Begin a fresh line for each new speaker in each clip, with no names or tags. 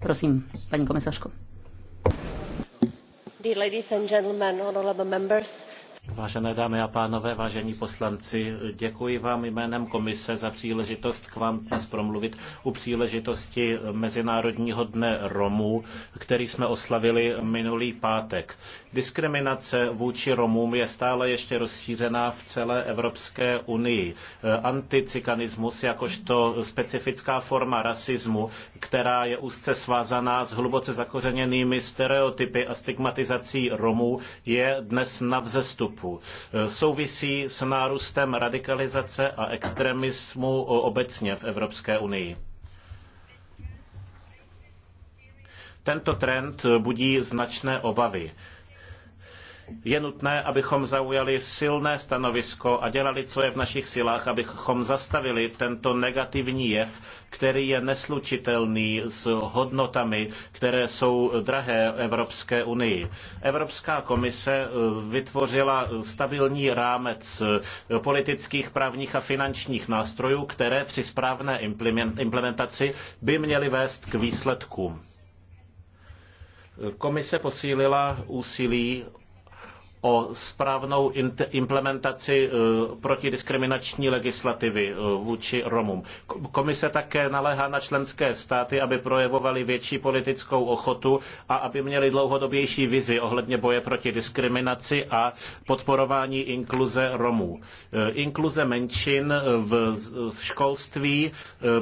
Prosím, paní komisařko. Dear ladies and gentlemen, members,
Vážené dámy a pánové, vážení poslanci, děkuji vám jménem komise za příležitost k vám dnes promluvit u příležitosti Mezinárodního dne Romů, který jsme oslavili minulý pátek. Diskriminace vůči Romům je stále ještě rozšířená v celé Evropské unii. Anticikanismus jakožto specifická forma rasismu, která je úzce svázaná s hluboce zakořeněnými stereotypy a stigmatizací Romů, je dnes na vzestupu narkotiků. E, souvisí s nárůstem radikalizace a extremismu e, obecně v Evropské unii. Tento trend budí značné obavy. Je nutné, abychom zaujali silné stanovisko a dělali, co je v našich silách, abychom zastavili tento negativní jev, který je neslučitelný s hodnotami, které jsou drahé Evropské unii. Evropská komise eh, vytvořila stabilní rámec eh, politických, právních a finančních nástrojů, které při správné implementaci by měly vést k výsledkům. Komise posílila úsilí o správnou implementaci eh, protidiskriminační legislativy eh, vůči Romům. Komise také naléhá na členské státy, aby projevovali větší politickou ochotu a aby měli dlouhodobější vizi ohledně boje proti diskriminaci a podporování inkluze Romů. Eh, inkluze menšin v školství,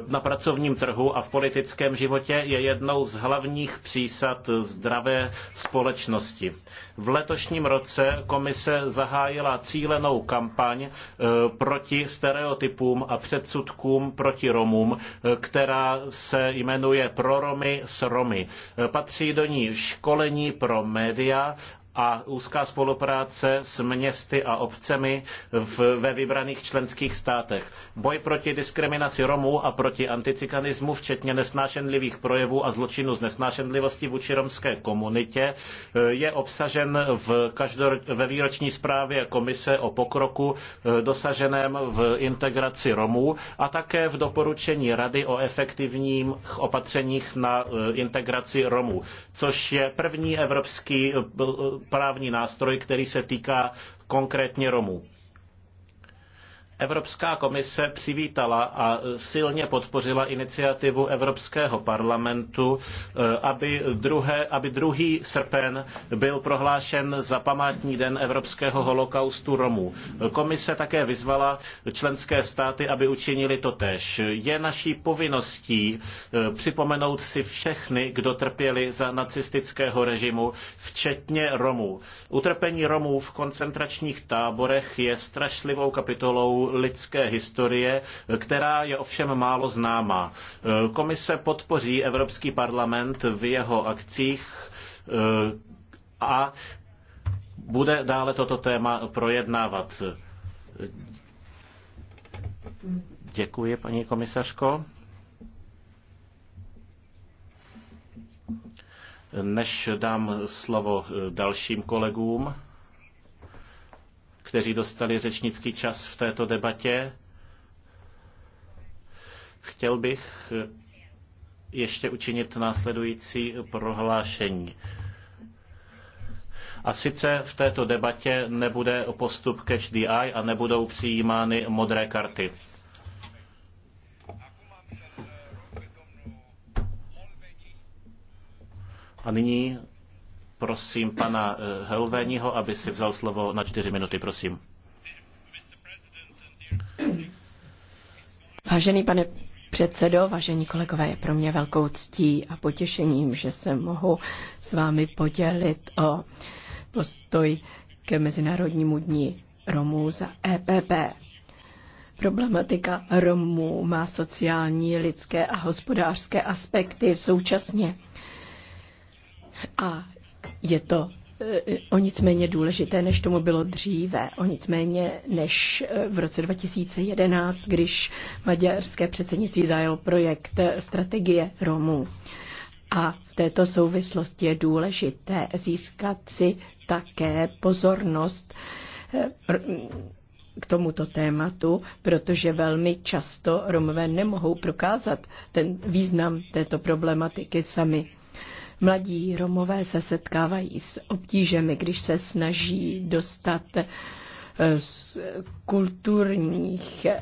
na pracovním trhu a v politickém životě je jednou z hlavních přísad zdravé společnosti. V letošním roce komise zahájila cílenou kampaň eh, proti stereotypům a předsudkům proti Romům, eh, která se jmenuje Pro Romy s Romy. Eh, patří do ní školení pro média a úzká spolupráce s městy a obcemi v, ve vybraných členských státech. Boj proti diskriminaci Romů a proti anticikanismu, včetně nesnášenlivých projevů a zločinu z nesnášenlivosti vůči romské komunitě, je obsažen v každor, ve výroční zprávě Komise o pokroku eh, dosaženém v integraci Romů a také v doporučení Rady o efektivních opatřeních na eh, integraci Romů, což je první evropský eh, právní nástroj, který se týká konkrétně Romů. Evropská komise přivítala a silně podpořila iniciativu Evropského parlamentu, eh, aby, druhé, aby druhý srpen byl prohlášen za památný den Evropského holokaustu Romů. Komise také vyzvala členské státy, aby učinili to tež. Je naší povinností eh, připomenout si všechny, kdo trpěli za nacistického režimu, včetně Romů. Utrpení Romů v koncentračních táborech je strašlivou kapitolou lidské historie, která je ovšem málo známá. Komise podpoří Evropský parlament v jeho akcích eh, a bude dále toto téma projednávat. Děkuji, paní komisařko. Než dám slovo dalším kolegům, kteří dostali řečnický čas v této debatě. Chtěl bych ještě učinit následující prohlášení. A sice v této debatě nebude postup catch the eye a nebudou přijímány modré karty. A nyní prosím pana eh, Helveního, aby si vzal slovo na čtyři minuty, prosím.
Vážený pane předsedo, vážení kolegové, je pro mě velkou ctí a potěšením, že se mohu s vámi podělit o postoj ke Mezinárodnímu dní Romů za EPP. Problematika Romů má sociální, lidské a hospodářské aspekty současně. A je to eh, o nic méně důležité, než tomu bylo dříve, o nic méně než eh, v roce 2011, když maďarské předsednictví zajel projekt eh, strategie Romů. A v této souvislosti je důležité získat si také pozornost k tomuto tématu, protože velmi často Romové nemohou prokázat ten význam této problematiky sami. Mladí Romové se setkávají s obtížemi, když se snaží dostat eh, z kulturních eh,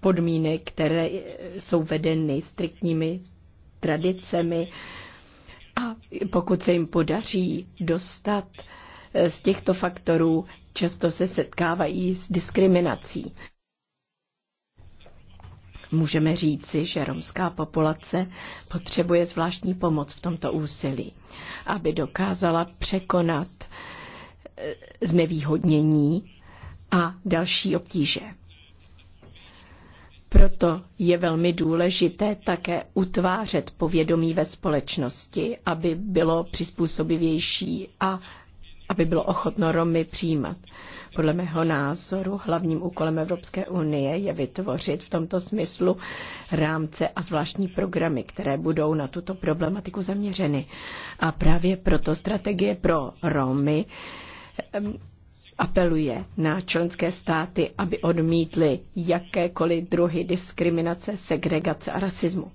podmínek, které eh, jsou vedeny striktními tradicemi. A pokud se jim podaří dostat z těchto faktorů, často se setkávají s diskriminací. Můžeme říci, že romská populace potřebuje zvláštní pomoc v tomto úsilí, aby dokázala překonat eh, znevýhodnění a další obtíže. Proto je velmi důležité také utvářet povědomí ve společnosti, aby bylo přizpůsobivější a aby bylo ochotno Romy přijímat. Podle mého názoru hlavním úkolem Evropské unie je vytvořit v tomto smyslu rámce a zvláštní programy, které budou na tuto problematiku zaměřeny. A právě proto strategie pro Romy apeluje na členské státy, aby odmítly jakékoliv druhy diskriminace, segregace a rasismu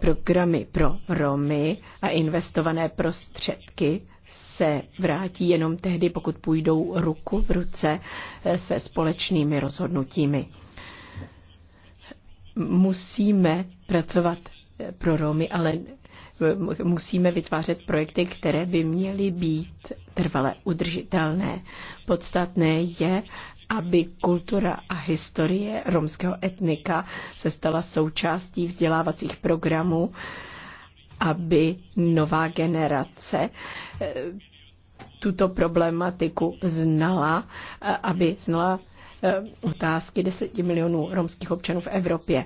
programy pro Romy a investované prostředky se vrátí jenom tehdy, pokud půjdou ruku v ruce eh, se společnými rozhodnutími. Musíme pracovat eh, pro Romy, ale eh, musíme vytvářet projekty, které by měly být trvale udržitelné. Podstatné je, aby kultura a historie romského etnika se stala součástí vzdělávacích programů aby nová generace eh, tuto problematiku znala, eh, aby znala eh, otázky 10 milionů romských občanů v Evropě.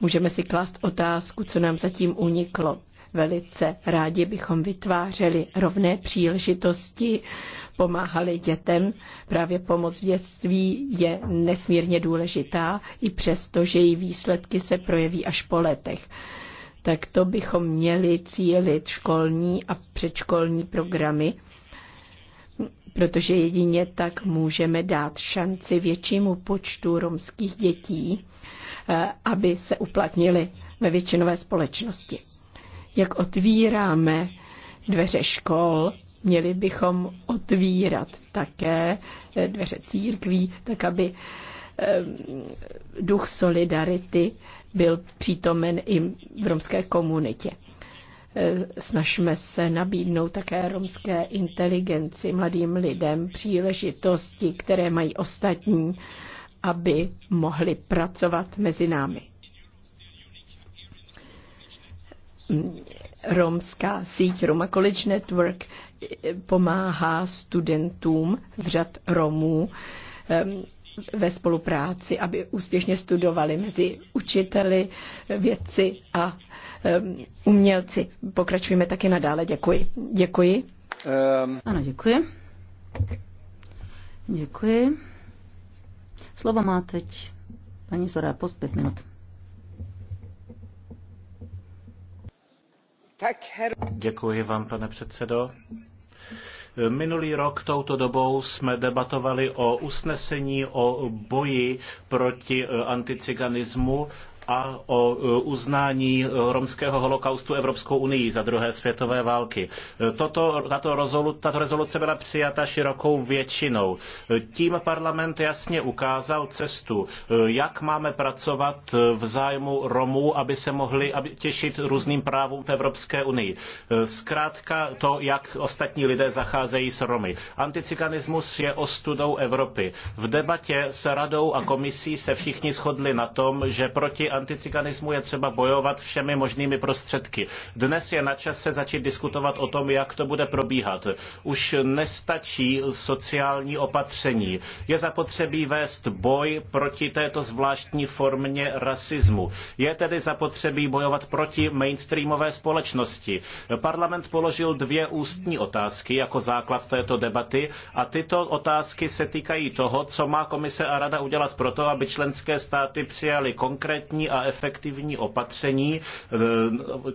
Můžeme si klást otázku, co nám zatím uniklo. Velice rádi bychom vytvářeli rovné příležitosti, pomáhali dětem. Právě pomoc v dětství je nesmírně důležitá, i přesto, že její výsledky se projeví až po letech tak to bychom měli cílit školní a předškolní programy, protože jedině tak můžeme dát šanci většímu počtu romských dětí, eh, aby se uplatnili ve většinové společnosti. Jak otvíráme dveře škol, měli bychom otvírat také eh, dveře církví, tak aby Ehm, duch solidarity byl přítomen i v romské komunitě. Ehm, snažíme se nabídnout také romské inteligenci, mladým lidem příležitosti, které mají ostatní, aby mohli pracovat mezi námi. Romská síť Roma College Network eh, pomáhá studentům z řad Romů ehm, ve spolupráci, aby úspěšně studovali mezi učiteli, vědci a umělci. Pokračujeme taky nadále. Děkuji. Děkuji.
Um. Ano, děkuji.
Děkuji. Slovo má teď paní Zora Post, pět minut.
Děkuji vám, pane předsedo. Minulý rok touto dobou jsme debatovali o usnesení o boji proti eh, anticiganismu a o e, uznání e, romského holokaustu Evropskou unii za druhé světové války. E, toto, tato, rezolu, tato rezoluce byla přijata širokou většinou. Tím parlament jasně ukázal cestu, jak máme pracovat v zájmu Romů, aby se mohli aby těšit různým právům v Evropské unii. Zkrátka to, jak ostatní lidé zacházejí s Romy. Anticikanismus je ostudou Evropy. V debatě s radou a komisí se všichni shodli na tom, že proti anticiganismu je třeba bojovat všemi možnými prostředky. Dnes je na čase začít diskutovat o tom, jak to bude probíhat. Už nestačí sociální opatření. Je zapotřebí vést boj proti této zvláštní formě rasismu. Je tedy zapotřebí bojovat proti mainstreamové společnosti. Parlament položil dvě ústní otázky jako základ této debaty a tyto otázky se týkají toho, co má komise a rada udělat proto, aby členské státy přijaly konkrétní a efektivní opatření, eh,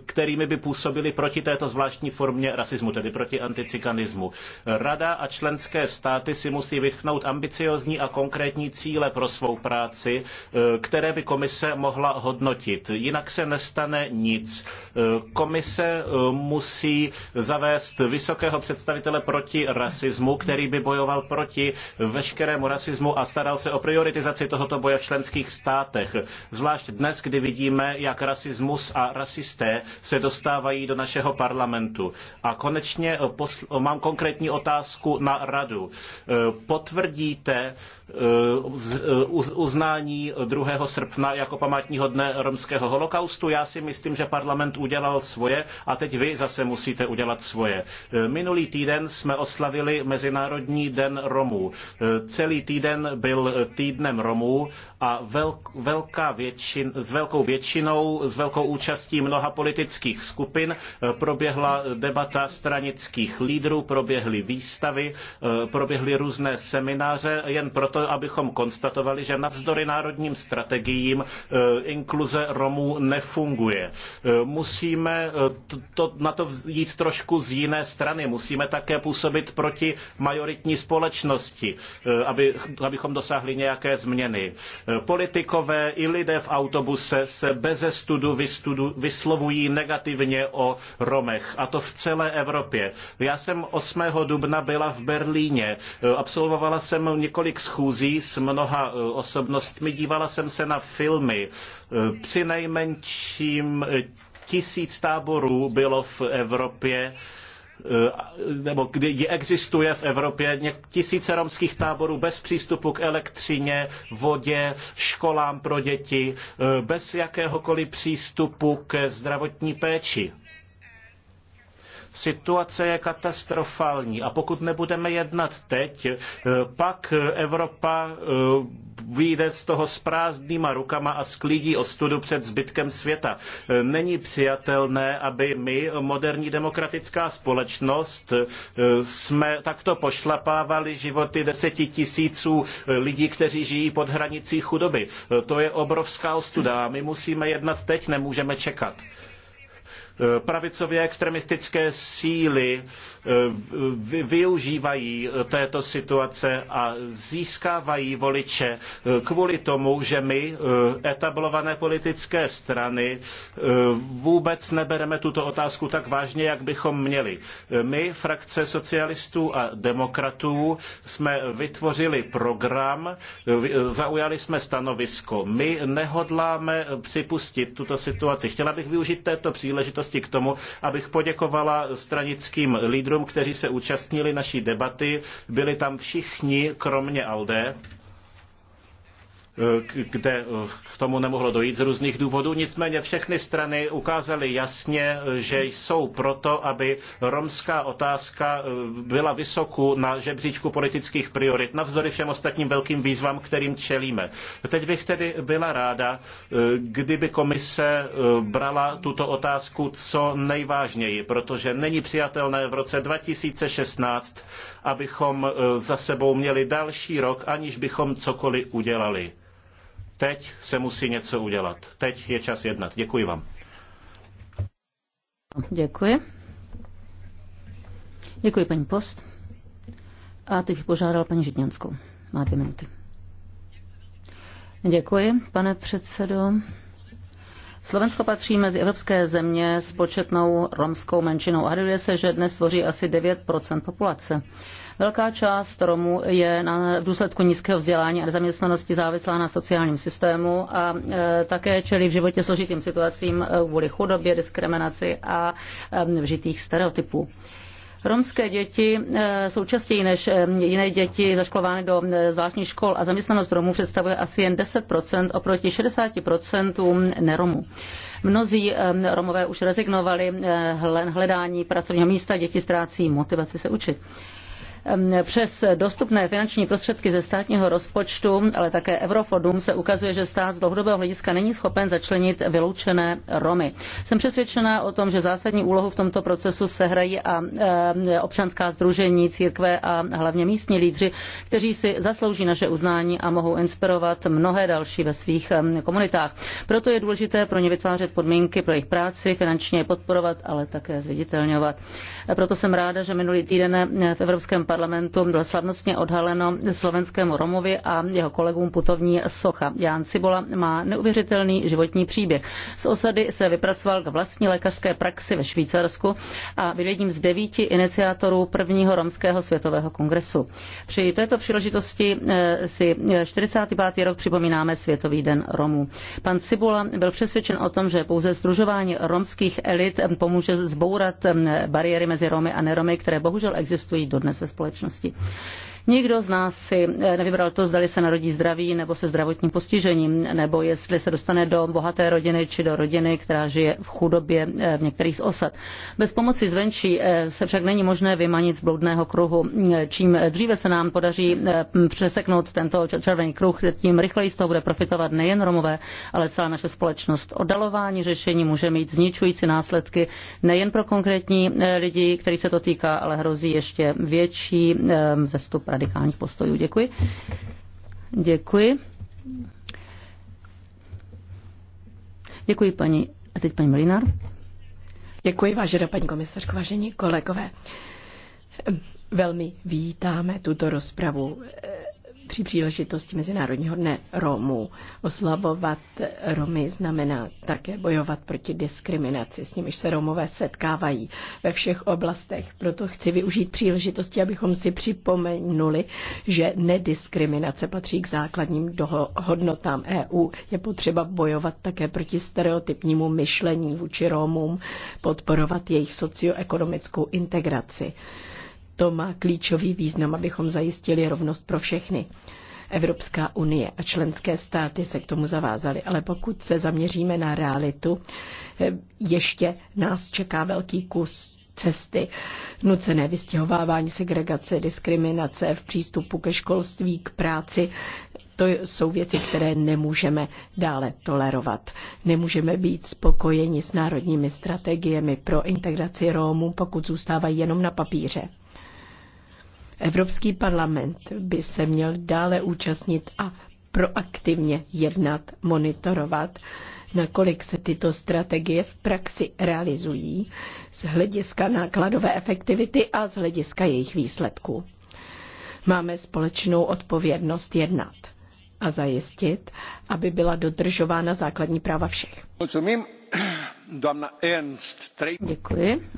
kterými by působili proti této zvláštní formě rasismu, tedy proti anticikanismu. Rada a členské státy si musí vychnout ambiciozní a konkrétní cíle pro svou práci, eh, které by komise mohla hodnotit. Jinak se nestane nic. Eh, komise musí zavést vysokého představitele proti rasismu, který by bojoval proti veškerému rasismu a staral se o prioritizaci tohoto boje v členských státech. Zvlášť dnes dnes, kdy vidíme, jak rasismus a rasisté se dostávají do našeho parlamentu. A konečně eh, eh, mám konkrétní otázku na radu. Eh, potvrdíte uznání 2. srpna jako památního dne romského holokaustu? Já si myslím, že parlament udělal svoje a teď vy zase musíte udělat svoje. Minulý týden jsme oslavili Mezinárodní den Romů. Celý týden byl týdnem Romů a velká většina s velkou většinou, s velkou účastí mnoha politických skupin. E, proběhla debata stranických lídrů, proběhly výstavy, e, proběhly různé semináře, jen proto, abychom konstatovali, že navzdory národním strategiím e, inkluze Romů nefunguje. Musíme to, na to jít trošku z jiné strany. Musíme také působit proti majoritní společnosti, aby, abychom dosáhli nějaké změny. Politikové i lidé v auto autobuse se beze studu vystudu, vyslovují negativně o Romech, a to v celé Evropě. Já jsem 8. dubna byla v Berlíně, absolvovala jsem několik schůzí s mnoha e, osobnostmi, dívala jsem se na filmy. E, Při nejmenším e, tisíc táborů bylo v Evropě Eh, nebo kdy existuje v Evropě tisíce romských táborů bez přístupu k elektřině, vodě, školám pro děti, eh, bez jakéhokoliv přístupu ke zdravotní péči. Situace je katastrofální a pokud nebudeme jednat teď, eh, pak Evropa eh, vyjde z toho s prázdnýma rukama a sklídí ostudu před zbytkem světa. Eh, není přijatelné, aby my, moderní demokratická společnost, jsme takto pošlapávali životy deseti tisíců lidí, kteří žijí pod hranicí chudoby. To je obrovská ostuda a my musíme jednat teď, nemůžeme čekat. Eh, pravicově extremistické síly eh, využívají eh, této situace a získávají voliče kvůli tomu, že my, etablované politické strany, vůbec nebereme tuto otázku tak vážně, jak bychom měli. My, frakce socialistů a demokratů, jsme vytvořili program, zaujali jsme stanovisko. My nehodláme připustit tuto situaci. Chtěla bych využít této příležitosti, příležitosti k tomu, abych poděkovala stranickým lídrům, kteří se účastnili naší debaty. Byli tam všichni, kromě Alde eh, kde eh, k tomu nemohlo dojít z různých důvodů. Nicméně všechny strany ukázaly jasně, že jsou proto, aby romská otázka eh, byla vysoko na žebříčku politických priorit, navzdory všem ostatním velkým výzvám, kterým čelíme. Teď bych tedy byla ráda, eh, kdyby komise eh, brala tuto otázku co nejvážněji, protože není přijatelné v roce 2016, abychom za sebou měli další rok, aniž bychom cokoliv udělali. Teď se musí něco udělat. Teď je čas jednat. Děkuji vám.
Děkuji. Děkuji, paní Post. A teď bych požádal paní Žitňanskou. Má dvě minuty. Děkuji, pane předsedo. Slovensko patří mezi evropské země s početnou romskou menšinou. Aduje se, že dnes tvoří asi 9 populace. Velká část Romů je na, v důsledku nízkého vzdělání a nezaměstnanosti závislá na sociálním systému a e, také čelí v životě složitým situacím e, kvůli chudobě, diskriminaci a e, vžitých stereotypů. E, Romské děti eh, jsou častěji než eh, jiné děti zaškolovány do eh, zvláštních škol a zaměstnanost Romů představuje asi jen 10% oproti 60% neromů. Mnozí Romové už rezignovali hledání pracovního místa, děti ztrácí motivaci se učit. Ehm, přes dostupné finanční prostředky ze státního rozpočtu, ale také Eurofodum se ukazuje, že stát z dlouhodobého hlediska není schopen začlenit vyloučené Romy. Jsem přesvědčená o tom, že zásadní úlohu v tomto procesu sehrají a ehm, občanská združení, církve a hlavně místní lídři, kteří si zaslouží naše uznání a mohou inspirovat mnohé další ve svých ehm, komunitách. Proto je důležité pro ně vytvářet podmínky pro jejich práci, finančně je podporovat, ale také zviditelňovat. Proto jsem ráda, že minulý týden v Evropském parlamentu bylo slavnostně odhaleno slovenskému Romovi a jeho kolegům putovní socha. Jan Cibola má neuvěřitelný životní příběh. Z osady se vypracoval k vlastní lékařské praxi ve Švýcarsku a byl jedním z devíti iniciátorů prvního romského světového kongresu. Při této příležitosti eh, si 45. Eh, rok připomínáme Světový den Romů. Pan Cibula byl přesvědčen o tom, že pouze združování romských elit pomůže zbourat eh, bariéry mezi Romy a neromy, které bohužel existují dodnes ve společnosti společnosti. Nikdo z nás si eh, nevybral to, zdali se narodí zdraví nebo se zdravotním postižením, nebo jestli se dostane do bohaté rodiny či do rodiny, která žije v chudobě eh, v některých z osad. Bez pomoci zvenčí eh, se však není možné vymanit z bloudného kruhu. Čím dříve se nám podaří přeseknout tento červený kruh, tím rychleji z toho bude profitovat nejen Romové, ale celá naše společnost. Odalování řešení může mít zničující následky nejen pro konkrétní lidi, který se to týká, ale hrozí ještě větší zestup radikálních postojů. Děkuji. Děkuji. Děkuji paní, a teď paní Mlinár. Děkuji,
vážená paní komisařko, vážení kolegové. Velmi vítáme tuto rozpravu při příležitosti Mezinárodního dne Romů. Oslavovat Romy znamená také bojovat proti diskriminaci, s nimiž se Romové setkávají ve všech oblastech. Proto chci využít příležitosti, abychom si připomenuli, že nediskriminace patří k základním hodnotám EU. Je potřeba bojovat také proti stereotypnímu myšlení vůči Romům, podporovat jejich socioekonomickou integraci to má klíčový význam, abychom zajistili rovnost pro všechny. Evropská unie a členské státy se k tomu zavázaly, ale pokud se zaměříme na realitu, eh, ještě nás čeká velký kus cesty, nucené vystěhovávání, segregace, diskriminace v přístupu ke školství, k práci. To jsou věci, které nemůžeme dále tolerovat. Nemůžeme být spokojeni s národními strategiemi pro integraci Rómů, pokud zůstávají jenom na papíře. Evropský parlament by se měl dále účastnit a proaktivně jednat, monitorovat, nakolik se tyto strategie v praxi realizují z hlediska nákladové efektivity a z hlediska jejich výsledků. Máme společnou odpovědnost jednat a zajistit, aby byla
dodržována základní práva všech. Děkuji.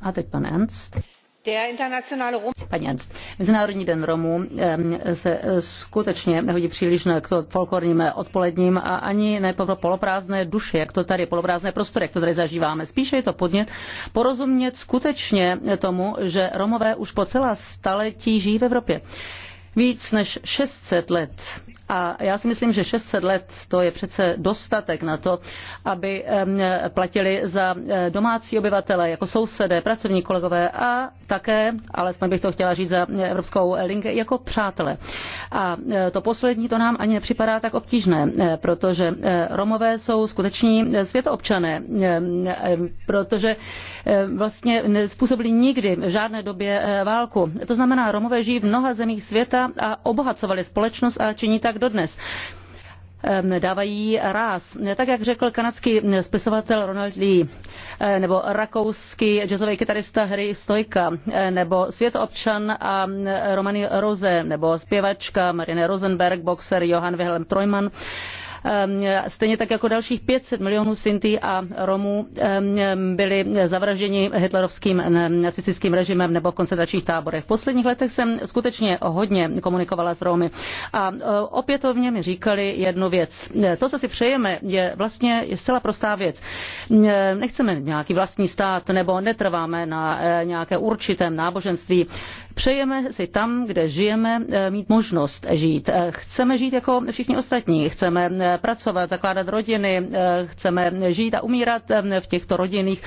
A teď pan Ernst. Paní Ernst, Mezinárodní den Romů se eh, skutečně nehodí příliš k folklorním odpoledním a ani ne po poloprázdné duše, jak to tady, poloprázdné prostory, jak to tady zažíváme. Spíše je to podnět porozumět skutečně tomu, že Romové už po celá staletí žijí v Evropě. Víc než 600 let a já si myslím, že 600 let to je přece dostatek na to, aby platili za e, domácí obyvatele, jako sousedé, pracovní kolegové a také, alespoň bych to chtěla říct za Evropskou linku, jako přátelé. A e, to poslední, to nám ani nepřipadá tak obtížné, e, protože Romové jsou skuteční světoobčané, protože vlastně nespůsobili nikdy v žádné době válku. To znamená, Romové žijí v mnoha zemích světa a obohacovali společnost a činí tak dodnes dávají ráz. Tak, jak řekl kanadský spisovatel Ronald Lee, eh, nebo rakouský jazzový kytarista Harry Stojka, eh, nebo světobčan a eh, Romany Rose, nebo zpěvačka Marine Rosenberg, boxer Johan Wilhelm Trojman, Ehm, stejně tak jako dalších 500 milionů Sintí a Romů ehm, byli zavražděni hitlerovským ehm, nacistickým režimem nebo v koncentračních táborech. V posledních letech jsem skutečně hodně komunikovala s Romy a e, opětovně mi říkali jednu věc. E, to, co si přejeme, je vlastně zcela prostá věc. E, nechceme nějaký vlastní stát nebo netrváme na nějaké určitém náboženství. Přejeme si tam, kde žijeme, eh, mít možnost žít. Eh, chceme žít jako všichni ostatní, chceme eh, pracovat, zakládat rodiny, chceme žít a umírat v těchto rodinných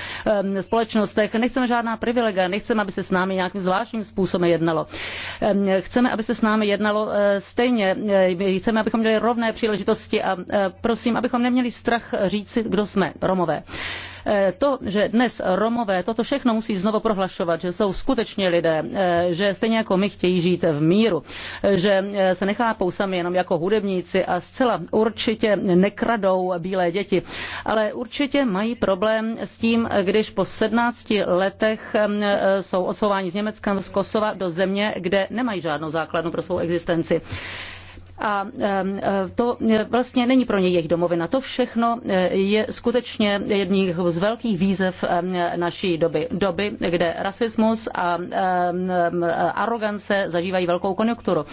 společnostech. Nechceme žádná privilegia, nechceme, aby se s námi nějakým zvláštním způsobem jednalo. Chceme, aby se s námi jednalo stejně. Chceme, abychom měli rovné příležitosti a prosím, abychom neměli strach říci, kdo jsme, Romové. Eh, to, že dnes Romové toto všechno musí znovu prohlašovat, že jsou skutečně lidé, eh, že stejně jako my chtějí žít v míru, eh, že se nechápou sami jenom jako hudebníci a zcela určitě nekradou bílé děti, ale určitě mají problém s tím, když po 17 letech jsou odsouváni z Německa, z Kosova do země, kde nemají žádnou základnu pro svou existenci a to vlastně není pro ně jejich domovina. To všechno eh, je skutečně jedním z velkých výzev naší doby. Doby, kde rasismus a arogance zažívají velkou konjunkturu.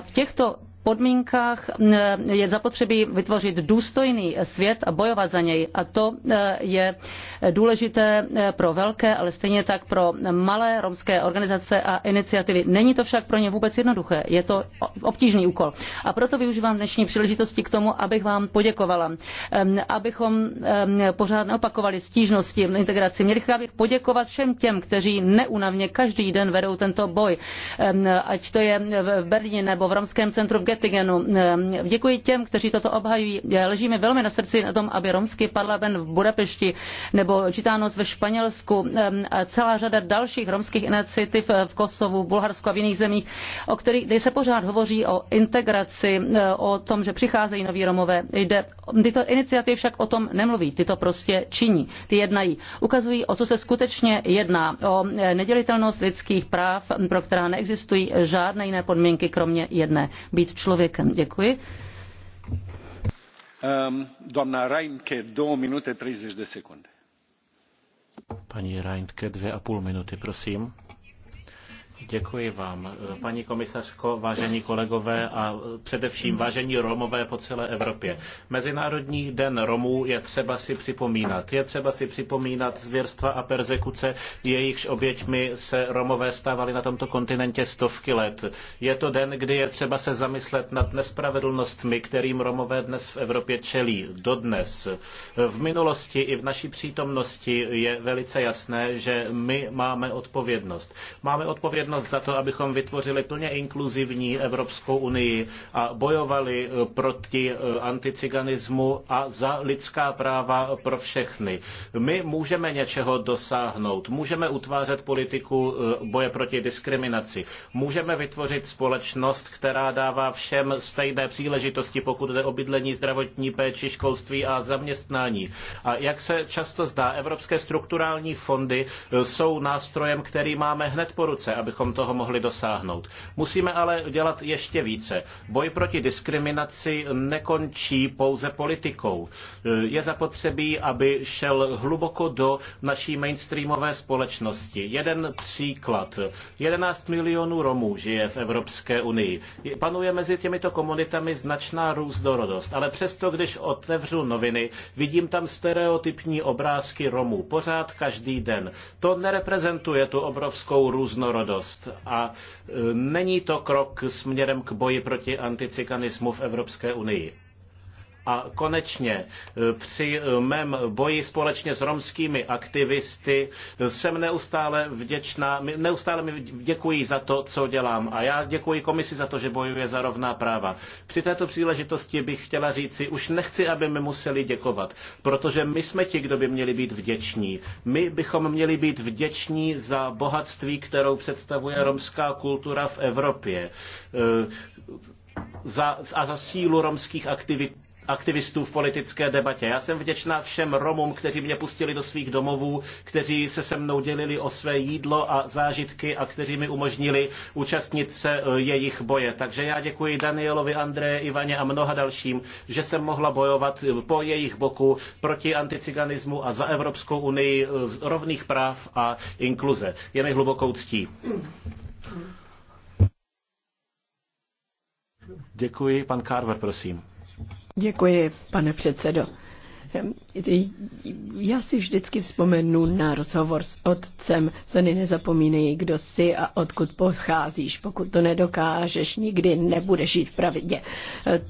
v těchto podmínkách eh, je zapotřebí vytvořit důstojný svět a bojovat za něj. A to eh, je důležité eh, pro velké, ale stejně tak pro malé romské organizace a iniciativy. Není to však pro ně vůbec jednoduché. Je to obtížný úkol. A proto využívám dnešní příležitosti k tomu, abych vám poděkovala. Ehm, abychom ehm, pořád neopakovali stížnosti v integraci. Měli bych poděkovat všem těm, kteří neunavně každý den vedou tento boj. Ehm, ať to je v Berlíně nebo v romském centru v Göttingenu. Ehm, děkuji těm, kteří toto obhajují. Leží mi velmi na srdci na tom, aby romský parlament v Budapešti nebo Čitános ve Španělsku ehm, a celá řada dalších romských iniciativ eh, v Kosovu, v Bulharsku a v jiných zemích, o kterých se pořád hovoří o integraci, eh, o tom, že přicházejí noví Romové. Jde, tyto iniciativy však o tom nemluví, ty to prostě činí, ty jednají. Ukazují, o co se skutečně jedná, o eh, nedělitelnost lidských práv, pro která neexistují žádné jiné podmínky, kromě jedné, být člověk člověkem. Děkuji.
Reinke, minuty 30 sekund. Paní Reintke, dvě a půl minuty, prosím. Děkuji vám. Paní komisařko, vážení kolegové a především vážení Romové po celé Evropě. Mezinárodní den Romů je třeba si připomínat. Je třeba si připomínat zvěrstva a persekuce, jejichž oběťmi se Romové stávali na tomto kontinentě stovky let. Je to den, kdy je třeba se zamyslet nad nespravedlnostmi, kterým Romové dnes v Evropě čelí. Dodnes. V minulosti i v naší přítomnosti je velice jasné, že my máme odpovědnost. Máme odpovědnost odpovědnost za to, abychom vytvořili plně inkluzivní Evropskou unii a bojovali eh, proti eh, anticiganismu a za lidská práva pro všechny. My můžeme něčeho dosáhnout, můžeme utvářet politiku eh, boje proti diskriminaci, můžeme vytvořit společnost, která dává všem stejné příležitosti, pokud jde o bydlení, zdravotní péči, školství a zaměstnání. A jak se často zdá, evropské strukturální fondy jsou nástrojem, který máme hned po ruce, aby abychom toho mohli dosáhnout. Musíme ale dělat ještě více. Boj proti diskriminaci nekončí pouze politikou. Je zapotřebí, aby šel hluboko do naší mainstreamové společnosti. Jeden příklad. 11 milionů Romů žije v Evropské unii. Panuje mezi těmito komunitami značná různorodost, ale přesto, když otevřu noviny, vidím tam stereotypní obrázky Romů pořád každý den. To nereprezentuje tu obrovskou různorodost dost. A e, není to krok směrem k boji proti anticikanismu v Evropské unii. A konečně eh, při eh, mém boji společně s romskými aktivisty eh, jsem neustále vděčná, neustále mi děkuji za to, co dělám. A já děkuji komisi za to, že bojuje za rovná práva. Při této příležitosti bych chtěla říci, už nechci, aby mi museli děkovat, protože my jsme ti, kdo by měli být vděční. My bychom měli být vděční za bohatství, kterou představuje romská kultura v Evropě. Za, a za sílu romských aktivit, aktivistů v politické debatě. Já jsem vděčná všem Romům, kteří mě pustili do svých domovů, kteří se se mnou dělili o své jídlo a zážitky a kteří mi umožnili účastnit se eh, jejich boje. Takže já děkuji Danielovi, Andreji, Ivaně a mnoha dalším, že jsem mohla bojovat eh, po jejich boku proti anticiganismu a za Evropskou unii eh, rovných práv a inkluze. Je mi hlubokou ctí. Děkuji. Pan Carver, prosím.
Děkuji, pane předsedo. Já si vždycky vzpomenu na rozhovor s otcem, co nezapomínej, kdo jsi a odkud pocházíš. Pokud to nedokážeš, nikdy nebudeš žít v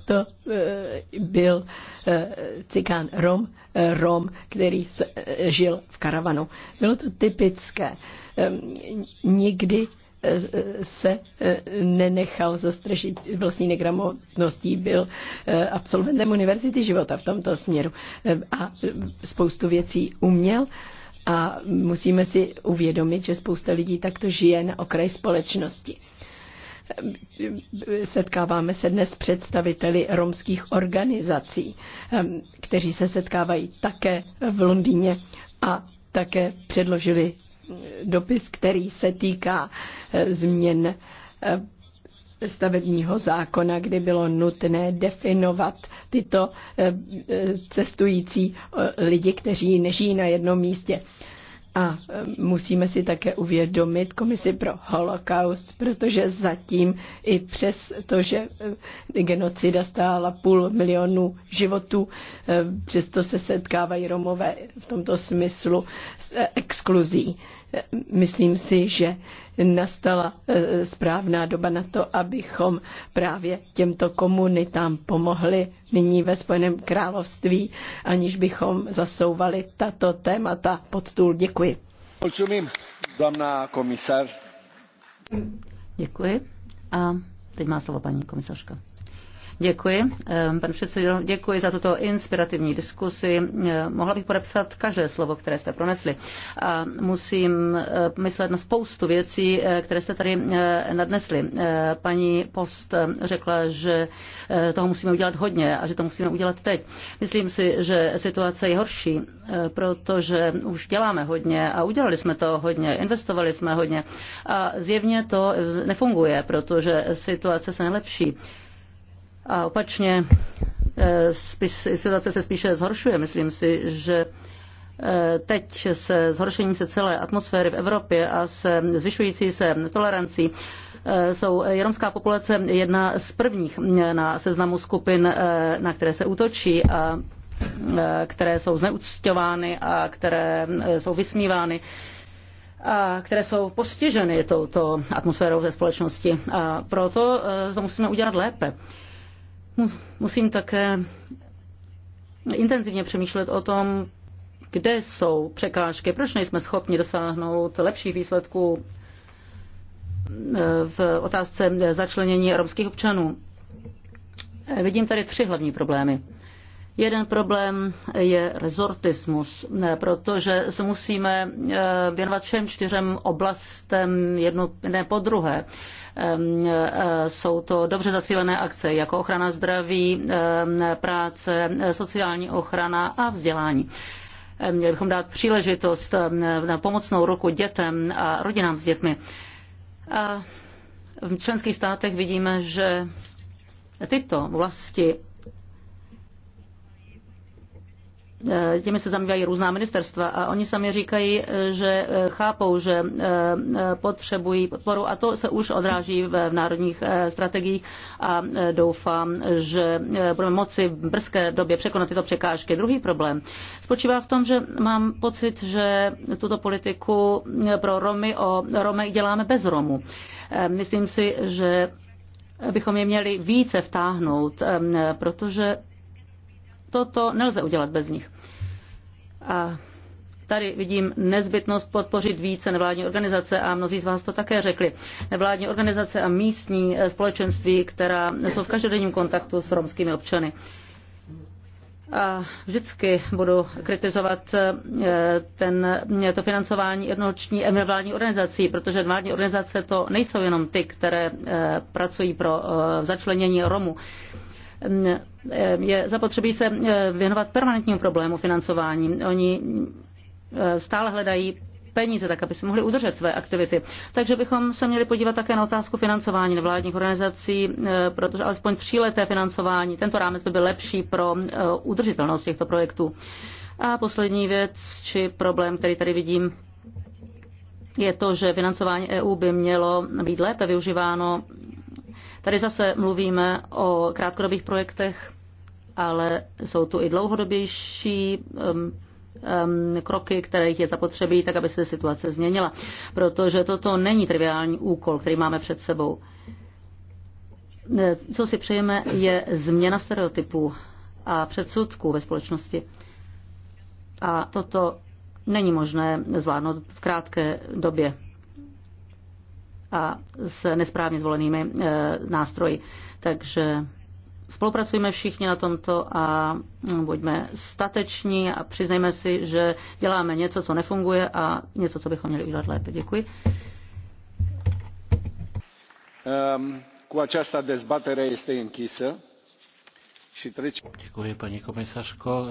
To eh, byl eh, cikán Rom, eh, Rom, který žil v karavanu. Bylo to typické. Ehm, nikdy se eh, nenechal zastrašit vlastní negramotností, byl eh, absolventem univerzity života v tomto směru eh, a spoustu věcí uměl. A musíme si uvědomit, že spousta lidí takto žije na okraji společnosti. Setkáváme se dnes s představiteli romských organizací, kteří se setkávají také v Londýně a také předložili dopis, který se týká eh, změn eh, stavebního zákona, kdy bylo nutné definovat tyto eh, cestující lidi, kteří nežijí na jednom místě. A e, musíme si také uvědomit komisi pro holokaust, protože zatím i přes to, že e, genocida stála půl milionu životů, e, přesto se setkávají Romové v tomto smyslu s exkluzí. Myslím si, že nastala e, správná doba na to, abychom právě těmto komunitám pomohli nyní ve Spojeném království, aniž bychom zasouvali tato témata pod stůl. Děkuji.
Mulțumim, doamna comisar.
Děkuji. A teď má slovo paní komisařka. Děkuji, eh, Pan předsedo, děkuji za tuto inspirativní diskusi. Eh, mohla bych podepsat každé slovo, které jste pronesli. A musím eh, myslet na spoustu věcí, které jste tady nadnesli. Paní Post řekla, že toho musíme udělat hodně a že to musíme udělat teď. Myslím si, že situace je horší, protože už děláme hodně a udělali jsme to hodně, investovali jsme hodně a zjevně to nefunguje, protože situace se nelepší. A opačně eh, spíš, situace se spíše zhoršuje. Myslím si, že eh, teď se zhoršením se celé atmosféry v Evropě a se zvyšující se tolerancí eh, jsou jeromská populace jedna z prvních na seznamu skupin, na které se útočí a které jsou zneucťovány a které jsou vysmívány a které jsou postiženy touto atmosférou ve společnosti. A proto to musíme udělat lépe. Musím také intenzivně přemýšlet o tom, kde jsou překážky, proč nejsme schopni dosáhnout lepších výsledků e, v otázce začlenění romských občanů. E, vidím tady tři hlavní problémy. Jeden problém je rezortismus, protože se musíme eh, věnovat všem čtyřem oblastem jedno ne po druhé. Eh, jsou to dobře zacílené akce jako ochrana zdraví, práce, sociální ochrana a vzdělání měli bychom dát příležitost na pomocnou ruku dětem a rodinám s dětmi. A v členských státech vidíme, že tyto vlasti Eh, těmi se zabývají různá ministerstva a oni sami říkají, eh, že eh, chápou, že potřebují podporu a to se už odráží v národních strategiích a doufám, že budeme moci v brzké době překonat tyto překážky. Druhý problém spočívá v tom, že mám pocit, že tuto politiku pro Romy o Rome děláme bez Romu. Myslím si, že bychom je měli více vtáhnout, protože Toto nelze udělat bez nich. A Tady vidím nezbytnost podpořit více nevládní organizace a mnozí z vás to také řekli. Nevládní organizace a místní eh, společenství, která jsou v každodenním kontaktu s romskými občany. A vždycky budu kritizovat eh, ten, eh, to financování jednoční nevládní organizací, protože nevládní organizace to nejsou jenom ty, které pracují pro začlenění Romů hm, Ehm, je zapotřebí se eh, věnovat permanentnímu problému financování. Oni eh, stále hledají peníze, tak aby si mohli udržet své aktivity. Takže bychom se měli podívat také na otázku financování nevládních organizací, eh, protože alespoň tříleté financování, tento rámec by byl lepší pro udržitelnost těchto projektů. A poslední věc, či problém, který tady vidím, je to, že financování EU by mělo být lépe využíváno. Tady zase mluvíme o krátkodobých projektech, ale jsou tu i dlouhodobější um, um, kroky, které je zapotřebí, tak aby se situace změnila. Protože toto není triviální úkol, který máme před sebou. Co si přejeme, je změna stereotypů a předsudků ve společnosti. A toto není možné zvládnout v krátké době a s nesprávně zvolenými eh, nástroji. Takže spolupracujme všichni na tomto a mm, buďme stateční a přiznejme si, že děláme něco, co nefunguje a něco, co bychom měli udělat lépe. Děkuji.
Um, cu Děkuji, paní komisařko.